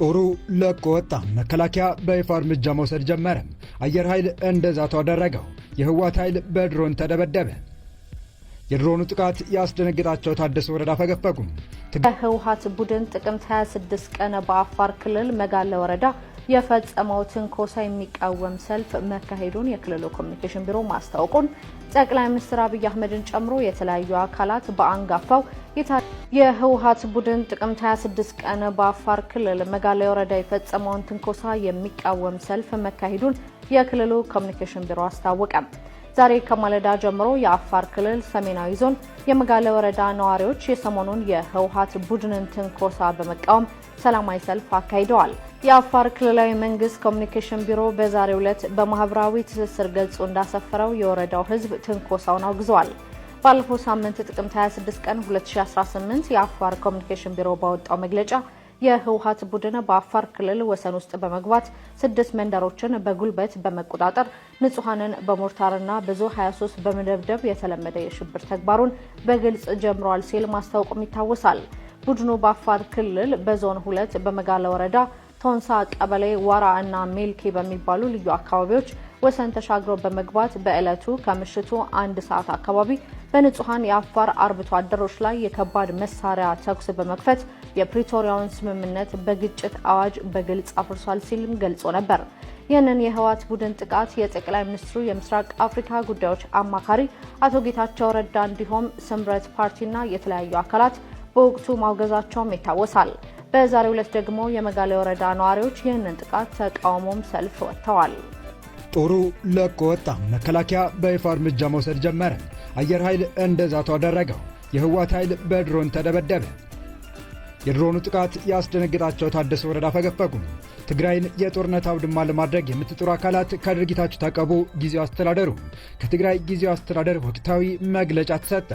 ጦሩ ለቆ ወጣ። መከላከያ በይፋ እርምጃ መውሰድ ጀመረም። አየር ኃይል እንደ አደረገው። የህወሓት ኃይል በድሮን ተደበደበ። የድሮኑ ጥቃት ያስደነግጣቸው ታደሰ ወረዳ ፈገፈጉም። የህወሓት ቡድን ጥቅምት 26 ቀን በአፋር ክልል መጋለ ወረዳ የፈጸመው ትንኮሳ የሚቃወም ሰልፍ መካሄዱን የክልሉ ኮሚኒኬሽን ቢሮ ማስታወቁን ጠቅላይ ሚኒስትር አብይ አህመድን ጨምሮ የተለያዩ አካላት በአንጋፋው የህወሀት ቡድን ጥቅምት 26 ቀን በአፋር ክልል መጋሌ ወረዳ የፈጸመውን ትንኮሳ የሚቃወም ሰልፍ መካሄዱን የክልሉ ኮሚኒኬሽን ቢሮ አስታወቀ። ዛሬ ከማለዳ ጀምሮ የአፋር ክልል ሰሜናዊ ዞን የመጋሌ ወረዳ ነዋሪዎች የሰሞኑን የህወሀት ቡድንን ትንኮሳ በመቃወም ሰላማዊ ሰልፍ አካሂደዋል። የአፋር ክልላዊ መንግስት ኮሚኒኬሽን ቢሮ በዛሬው ዕለት በማህበራዊ ትስስር ገጹ እንዳሰፈረው የወረዳው ህዝብ ትንኮሳውን አውግዘዋል። ባለፈው ሳምንት ጥቅምት 26 ቀን 2018 የአፋር ኮሚኒኬሽን ቢሮ ባወጣው መግለጫ የህወሀት ቡድን በአፋር ክልል ወሰን ውስጥ በመግባት ስድስት መንደሮችን በጉልበት በመቆጣጠር ንጹሐንን በሞርታርና ብዙ 23 በመደብደብ የተለመደ የሽብር ተግባሩን በግልጽ ጀምሯል ሲል ማስታወቁም ይታወሳል። ቡድኑ በአፋር ክልል በዞን ሁለት በመጋለ ወረዳ ቶንሳ ቀበሌ ዋራ እና ሜልኬ በሚባሉ ልዩ አካባቢዎች ወሰን ተሻግረው በመግባት በዕለቱ ከምሽቱ አንድ ሰዓት አካባቢ በንጹሐን የአፋር አርብቶ አደሮች ላይ የከባድ መሳሪያ ተኩስ በመክፈት የፕሪቶሪያውን ስምምነት በግጭት አዋጅ በግልጽ አፍርሷል ሲልም ገልጾ ነበር። ይህንን የህወሓት ቡድን ጥቃት የጠቅላይ ሚኒስትሩ የምስራቅ አፍሪካ ጉዳዮች አማካሪ አቶ ጌታቸው ረዳ እንዲሁም ስምረት ፓርቲና የተለያዩ አካላት በወቅቱ ማውገዛቸውም ይታወሳል። በዛሬው ዕለት ደግሞ የመጋሌ ወረዳ ነዋሪዎች ይህንን ጥቃት ተቃውሞም ሰልፍ ወጥተዋል። ጦሩ ለቆ ወጣ። መከላከያ በይፋ እርምጃ መውሰድ ጀመረ። አየር ኃይል እንደ ዛቱ አደረገው። የህወሓት ኃይል በድሮን ተደበደበ። የድሮኑ ጥቃት ያስደነግጣቸው ታደሰ ወረዳ ፈገፈጉ። ትግራይን የጦርነት አውድማ ለማድረግ የምትጥሩ አካላት ከድርጊታችሁ ታቀቡ። ጊዜው አስተዳደሩ ከትግራይ ጊዜው አስተዳደር ወቅታዊ መግለጫ ተሰጠ።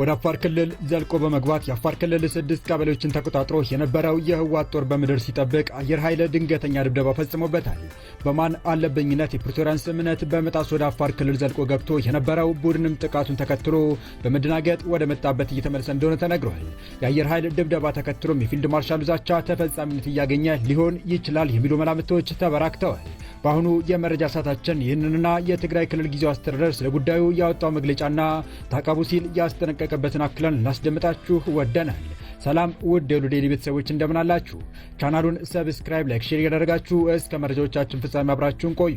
ወደ አፋር ክልል ዘልቆ በመግባት የአፋር ክልል ስድስት ቀበሌዎችን ተቆጣጥሮ የነበረው የህወሓት ጦር በምድር ሲጠብቅ አየር ኃይል ድንገተኛ ድብደባ ፈጽሞበታል። በማን አለብኝነት የፕሪቶሪያን ስምምነት በመጣስ ወደ አፋር ክልል ዘልቆ ገብቶ የነበረው ቡድንም ጥቃቱን ተከትሎ በመደናገጥ ወደ መጣበት እየተመለሰ እንደሆነ ተነግሯል። የአየር ኃይል ድብደባ ተከትሎም የፊልድ ማርሻሉ ዛቻ ተፈጻሚነት እያገኘ ሊሆን ይችላል የሚሉ መላምቶች ተበራክተዋል። በአሁኑ የመረጃ ሰዓታችን ይህንንና የትግራይ ክልል ጊዜው አስተዳደር ስለ ጉዳዩ ያወጣው መግለጫና ታቀቡ ሲል ያስጠነቀ የተለቀቀበትን አክለን ላስደምጣችሁ ወደናል። ሰላም ውድ የሉ የሉዴይሊ ቤተሰቦች እንደምናላችሁ። ቻናሉን ሰብስክራይብ፣ ላይክ፣ ሼር እያደረጋችሁ እስከ መረጃዎቻችን ፍጻሜ አብራችሁን ቆዩ።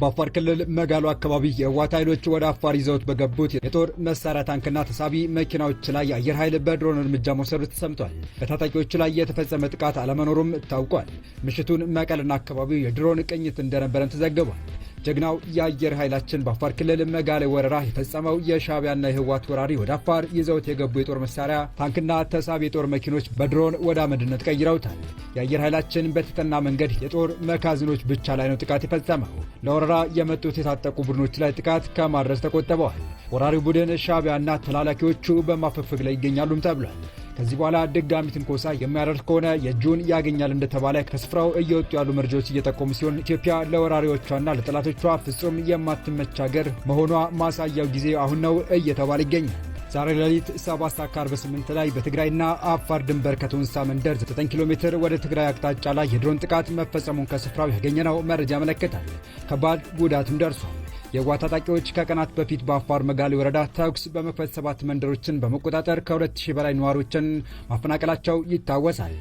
በአፋር ክልል መጋሎ አካባቢ የህወሓት ኃይሎች ወደ አፋር ይዘውት በገቡት የጦር መሳሪያ ታንክና ተሳቢ መኪናዎች ላይ የአየር ኃይል በድሮን እርምጃ መውሰዱ ተሰምቷል። በታጣቂዎቹ ላይ የተፈጸመ ጥቃት አለመኖሩም ታውቋል። ምሽቱን መቀልና አካባቢው የድሮን ቅኝት እንደነበረም ተዘግቧል። ጀግናው የአየር ኃይላችን በአፋር ክልል መጋሌ ወረራ የፈጸመው የሻቢያና የህወሓት ወራሪ ወደ አፋር ይዘውት የገቡ የጦር መሳሪያ ታንክና ተሳቢ የጦር መኪኖች በድሮን ወደ አመድነት ቀይረውታል። የአየር ኃይላችን በተጠና መንገድ የጦር መጋዘኖች ብቻ ላይ ነው ጥቃት የፈጸመው። ለወረራ የመጡት የታጠቁ ቡድኖች ላይ ጥቃት ከማድረስ ተቆጥበዋል። ወራሪው ቡድን ሻቢያና ተላላኪዎቹ በማፈግፈግ ላይ ይገኛሉም ተብሏል። ከዚህ በኋላ ድጋሚ ትንኮሳ የሚያደርግ ከሆነ የእጁን ያገኛል እንደተባለ ከስፍራው እየወጡ ያሉ መረጃዎች እየጠቆሙ ሲሆን ኢትዮጵያ ለወራሪዎቿና ለጠላቶቿ ፍጹም የማትመች ሀገር መሆኗ ማሳያው ጊዜ አሁን ነው እየተባለ ይገኛል። ዛሬ ሌሊት 7 ሰዓት 48 ላይ በትግራይና አፋር ድንበር ከቶንሳ መንደር 9 ኪሎ ሜትር ወደ ትግራይ አቅጣጫ ላይ የድሮን ጥቃት መፈጸሙን ከስፍራው ያገኘነው መረጃ ያመለክታል። ከባድ ጉዳትም ደርሷል። የህወሓት ታጣቂዎች ከቀናት በፊት በአፋር መጋሌ ወረዳ ተኩስ በመክፈት ሰባት መንደሮችን በመቆጣጠር ከ ሺህ በላይ ነዋሪዎችን ማፈናቀላቸው ይታወሳል።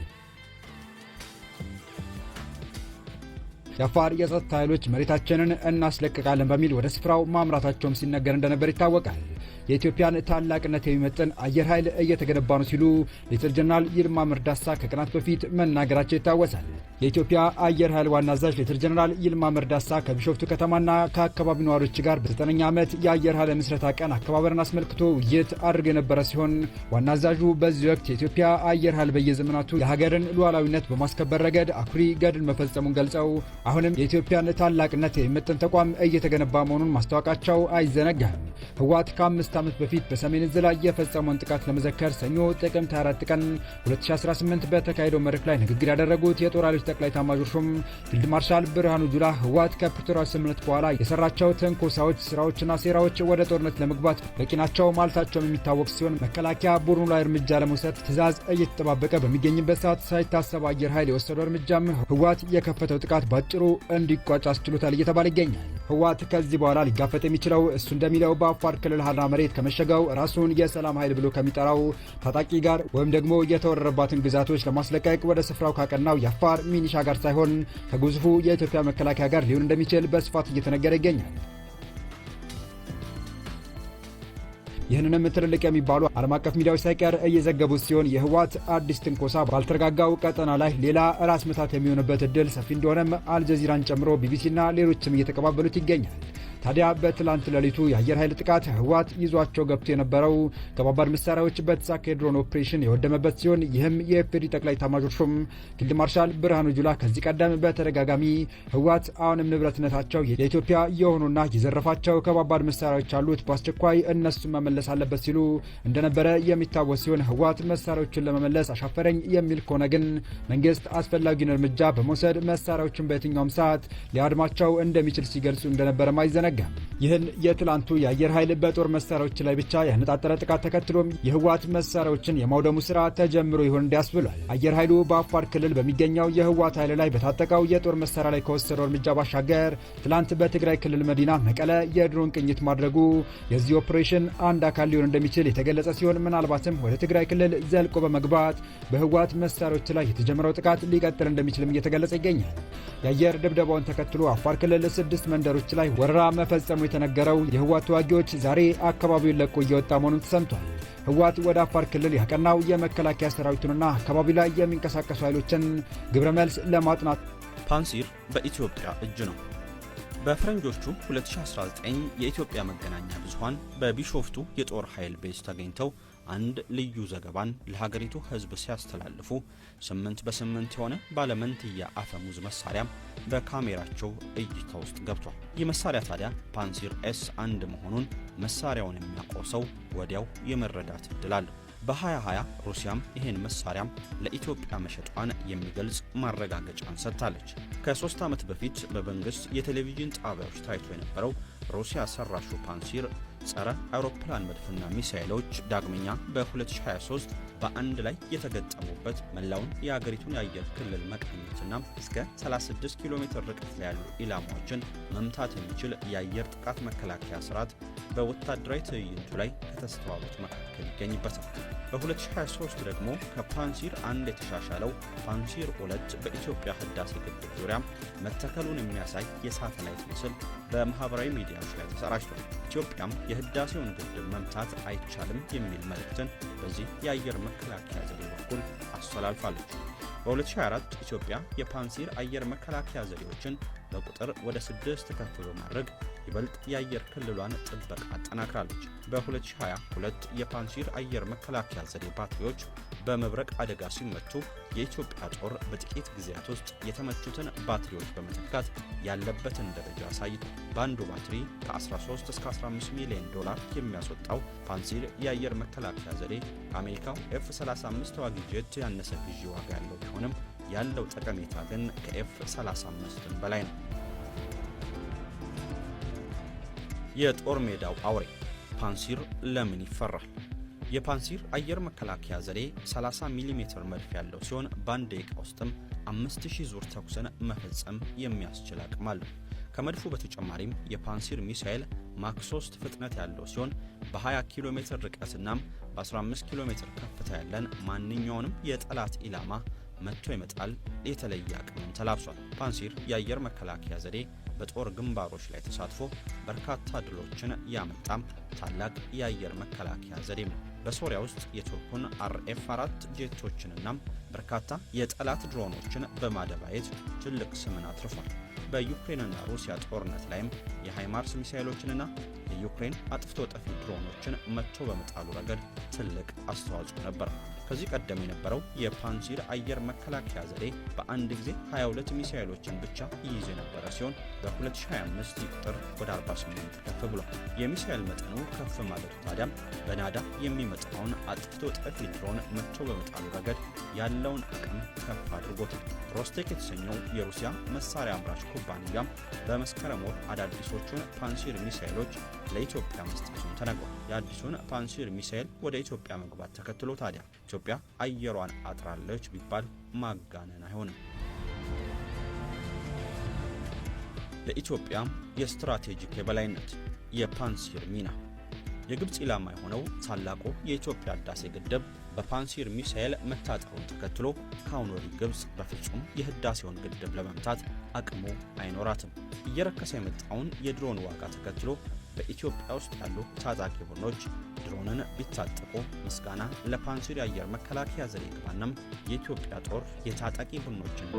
የአፋር የጸጥታ ኃይሎች መሬታችንን እናስለቅቃለን በሚል ወደ ስፍራው ማምራታቸውም ሲነገር እንደነበር ይታወቃል። የኢትዮጵያን ታላቅነት የሚመጥን አየር ኃይል እየተገነባ ነው ሲሉ ሌተና ጀነራል ይልማ መርዳሳ ከቀናት በፊት መናገራቸው ይታወሳል። የኢትዮጵያ አየር ኃይል ዋና አዛዥ ሌተና ጀነራል ይልማ መርዳሳ ከቢሾፍቱ ከተማና ከአካባቢ ነዋሪዎች ጋር በዘጠነኛ ዓመት የአየር ኃይል ምስረታ ቀን አከባበርን አስመልክቶ ውይይት አድርገው የነበረ ሲሆን ዋና አዛዡ በዚህ ወቅት የኢትዮጵያ አየር ኃይል በየዘመናቱ የሀገርን ሉዓላዊነት በማስከበር ረገድ አኩሪ ገድል መፈጸሙን ገልጸው አሁንም የኢትዮጵያን ታላቅነት የሚመጥን ተቋም እየተገነባ መሆኑን ማስታወቃቸው አይዘነጋም። ህወሓት ከአምስት ከሁለት ዓመት በፊት በሰሜን እዝ ላይ የፈጸመውን ጥቃት ለመዘከር ሰኞ ጥቅምት 24 ቀን 2018 በተካሄደው መድረክ ላይ ንግግር ያደረጉት የጦር ኃይሎች ጠቅላይ ኤታማዦር ሹም ፊልድ ማርሻል ብርሃኑ ጁላ ህወሓት ከፕሪቶሪያው ስምምነት በኋላ የሰራቸው ትንኮሳዎች፣ ስራዎችና ሴራዎች ወደ ጦርነት ለመግባት በቂ ናቸው ማለታቸውም የሚታወቅ ሲሆን መከላከያ ቡድኑ ላይ እርምጃ ለመውሰድ ትዕዛዝ እየተጠባበቀ በሚገኝበት ሰዓት ሳይታሰብ አየር ኃይል የወሰደው እርምጃም ህወሓት የከፈተው ጥቃት ባጭሩ እንዲቋጭ አስችሎታል እየተባለ ይገኛል። ህወሓት ከዚህ በኋላ ሊጋፈጥ የሚችለው እሱ እንደሚለው በአፋር ክልል ሀራ መሬት ከመሸገው ራሱን የሰላም ኃይል ብሎ ከሚጠራው ታጣቂ ጋር ወይም ደግሞ የተወረረባትን ግዛቶች ለማስለቀቅ ወደ ስፍራው ካቀናው የአፋር ሚኒሻ ጋር ሳይሆን ከግዙፉ የኢትዮጵያ መከላከያ ጋር ሊሆን እንደሚችል በስፋት እየተነገረ ይገኛል። ይህንንም ትልልቅ የሚባሉ ዓለም አቀፍ ሚዲያዎች ሳይቀር እየዘገቡት ሲሆን የህወሓት አዲስ ትንኮሳ ባልተረጋጋው ቀጠና ላይ ሌላ ራስ ምታት የሚሆንበት እድል ሰፊ እንደሆነም አልጀዚራን ጨምሮ ቢቢሲና ሌሎችም እየተቀባበሉት ይገኛል። ታዲያ በትላንት ሌሊቱ የአየር ኃይል ጥቃት ህወሓት ይዟቸው ገብቶ የነበረው ከባባድ መሳሪያዎች በተሳካ የድሮን ኦፕሬሽን የወደመበት ሲሆን ይህም የኤፌዲ ጠቅላይ ኤታማዦር ሹም ፊልድ ማርሻል ብርሃኑ ጁላ ከዚህ ቀደም በተደጋጋሚ ህወሓት አሁንም ንብረትነታቸው የኢትዮጵያ የሆኑና የዘረፋቸው ከባባድ መሳሪያዎች አሉት፣ በአስቸኳይ እነሱን መመለስ አለበት ሲሉ እንደነበረ የሚታወስ ሲሆን ህወሓት መሳሪያዎችን ለመመለስ አሻፈረኝ የሚል ከሆነ ግን መንግስት አስፈላጊውን እርምጃ በመውሰድ መሳሪያዎችን በየትኛውም ሰዓት ሊያድማቸው እንደሚችል ሲገልጹ እንደነበረ ማይዘነጋ አይዘነጋም። ይህን የትላንቱ የአየር ኃይል በጦር መሳሪያዎች ላይ ብቻ ያነጣጠረ ጥቃት ተከትሎም የህወሓት መሳሪያዎችን የማውደሙ ስራ ተጀምሮ ይሆን እንዲያስብሏል። አየር ኃይሉ በአፋር ክልል በሚገኘው የህወሓት ኃይል ላይ በታጠቀው የጦር መሳሪያ ላይ ከወሰደው እርምጃ ባሻገር ትላንት በትግራይ ክልል መዲና መቀለ የድሮን ቅኝት ማድረጉ የዚህ ኦፕሬሽን አንድ አካል ሊሆን እንደሚችል የተገለጸ ሲሆን ምናልባትም ወደ ትግራይ ክልል ዘልቆ በመግባት በህወሓት መሳሪያዎች ላይ የተጀመረው ጥቃት ሊቀጥል እንደሚችልም እየተገለጸ ይገኛል። የአየር ድብደባውን ተከትሎ አፋር ክልል ስድስት መንደሮች ላይ ወረራ መፈጸሙ የተነገረው የህወሓት ተዋጊዎች ዛሬ አካባቢውን ለቆ እየወጣ መሆኑን ተሰምቷል። ህወሓት ወደ አፋር ክልል ያቀናው የመከላከያ ሰራዊቱንና አካባቢ ላይ የሚንቀሳቀሱ ኃይሎችን ግብረ መልስ ለማጥናት ፓንሲር በኢትዮጵያ እጅ ነው። በፈረንጆቹ 2019 የኢትዮጵያ መገናኛ ብዙሃን በቢሾፍቱ የጦር ኃይል ቤዝ ተገኝተው አንድ ልዩ ዘገባን ለሀገሪቱ ሕዝብ ሲያስተላልፉ ስምንት በስምንት የሆነ ባለመንትያ አፈሙዝ መሳሪያም በካሜራቸው እይታ ውስጥ ገብቷል። ይህ መሳሪያ ታዲያ ፓንሲር ኤስ አንድ መሆኑን መሳሪያውን የሚያውቀው ሰው ወዲያው የመረዳት እድል አለው። በ2020 ሩሲያም ይህን መሳሪያም ለኢትዮጵያ መሸጧን የሚገልጽ ማረጋገጫን ሰጥታለች። ከሶስት ዓመት በፊት በመንግሥት የቴሌቪዥን ጣቢያዎች ታይቶ የነበረው ሩሲያ ሰራሹ ፓንሲር ጸረ አውሮፕላን መድፍና ሚሳይሎች ዳግመኛ በ2023 በአንድ ላይ የተገጠሙበት መላውን የአገሪቱን የአየር ክልል መቃኘትና እስከ 36 ኪሎ ሜትር ርቀት ላይ ያሉ ኢላማዎችን መምታት የሚችል የአየር ጥቃት መከላከያ ስርዓት በወታደራዊ ትዕይንቱ ላይ ከተስተዋሉት መካከል ይገኝበታል። በ2023 ደግሞ ከፓንሲር አንድ የተሻሻለው ፓንሲር ሁለት በኢትዮጵያ ህዳሴ ግድብ ዙሪያ መተከሉን የሚያሳይ የሳተላይት ምስል በማህበራዊ ሚዲያዎች ላይ ተሰራጭቷል። ኢትዮጵያም የህዳሴውን ግድብ መምታት አይቻልም የሚል መልእክትን በዚህ የአየር መከላከያ ዘዴ በኩል አስተላልፋለች። በ2024 ኢትዮጵያ የፓንሲር አየር መከላከያ ዘዴዎችን በቁጥር ወደ ስድስት ከፍ በማድረግ ይበልጥ የአየር ክልሏን ጥበቃ አጠናክራለች። በ2022 የፓንሺር አየር መከላከያ ዘዴ ባትሪዎች በመብረቅ አደጋ ሲመቱ የኢትዮጵያ ጦር በጥቂት ጊዜያት ውስጥ የተመቹትን ባትሪዎች በመተካት ያለበትን ደረጃ አሳይቷል። በአንዱ ባትሪ ከ13 እስከ 15 ሚሊዮን ዶላር የሚያስወጣው ፓንሲር የአየር መከላከያ ዘዴ ከአሜሪካው ኤፍ35 ተዋጊ ጄት ያነሰ ግዢ ዋጋ ያለው ቢሆንም ያለው ጠቀሜታ ግን ከኤፍ 35 በላይ ነው። የጦር ሜዳው አውሬ ፓንሲር ለምን ይፈራል? የፓንሲር አየር መከላከያ ዘዴ 30 ሚሜ መድፍ ያለው ሲሆን በአንድ ደቂቃ ውስጥም 5000 ዙር ተኩስን መፈጸም የሚያስችል አቅም አለው። ከመድፉ በተጨማሪም የፓንሲር ሚሳኤል ማክ 3 ፍጥነት ያለው ሲሆን በ20 ኪሎ ሜትር ርቀትናም በ15 ኪሎ ሜትር ከፍታ ያለን ማንኛውንም የጠላት ኢላማ መጥቶ ይመጣል የተለየ አቅምም ተላብሷል። ፓንሲር የአየር መከላከያ ዘዴ በጦር ግንባሮች ላይ ተሳትፎ በርካታ ድሎችን ያመጣም ታላቅ የአየር መከላከያ ዘዴም ነው። በሶሪያ ውስጥ የቱርኩን አርኤፍ አራት ጄቶችንና በርካታ የጠላት ድሮኖችን በማደባየት ትልቅ ስምን አትርፏል። በዩክሬንና ሩሲያ ጦርነት ላይም የሃይማርስ ሚሳይሎችንና የዩክሬን አጥፍቶ ጠፊ ድሮኖችን መጥቶ በመጣሉ ረገድ ትልቅ አስተዋጽኦ ነበር። ከዚህ ቀደም የነበረው የፓንሲር አየር መከላከያ ዘዴ በአንድ ጊዜ 22 ሚሳኤሎችን ብቻ ይይዝ የነበረ ሲሆን በ2025 ቁጥር ወደ 48 ከፍ ብሏል። የሚሳኤል መጠኑ ከፍ ማለት ታዲያም በናዳ የሚመጣውን አጥፍቶ ጠፊ ድሮን መቶ በመጣሉ ረገድ ያለውን አቅም ከፍ አድርጎታል። ሮስቴክ የተሰኘው የሩሲያ መሳሪያ አምራች ኩባንያም በመስከረም ወር አዳዲሶቹን ፓንሲር ሚሳኤሎች ለኢትዮጵያ መስጠቱን ተነግሯል። የአዲሱን ፓንሲር ሚሳኤል ወደ ኢትዮጵያ መግባት ተከትሎ ታዲያ ኢትዮጵያ አየሯን አጥራለች ቢባል ማጋነን አይሆንም። ለኢትዮጵያም የስትራቴጂክ የበላይነት የፓንሲር ሚና የግብፅ ኢላማ የሆነው ታላቁ የኢትዮጵያ ህዳሴ ግድብ በፓንሲር ሚሳኤል መታጠሩን ተከትሎ ከአሁን ወዲህ ግብፅ በፍጹም የህዳሴውን ግድብ ለመምታት አቅሙ አይኖራትም። እየረከሰ የመጣውን የድሮን ዋጋ ተከትሎ በኢትዮጵያ ውስጥ ያሉ ታጣቂ ቡድኖች ድሮንን ቢታጠቁ ምስጋና ለፓንሲር የአየር መከላከያ ዘዴ ግባንም የኢትዮጵያ ጦር የታጣቂ ቡድኖችን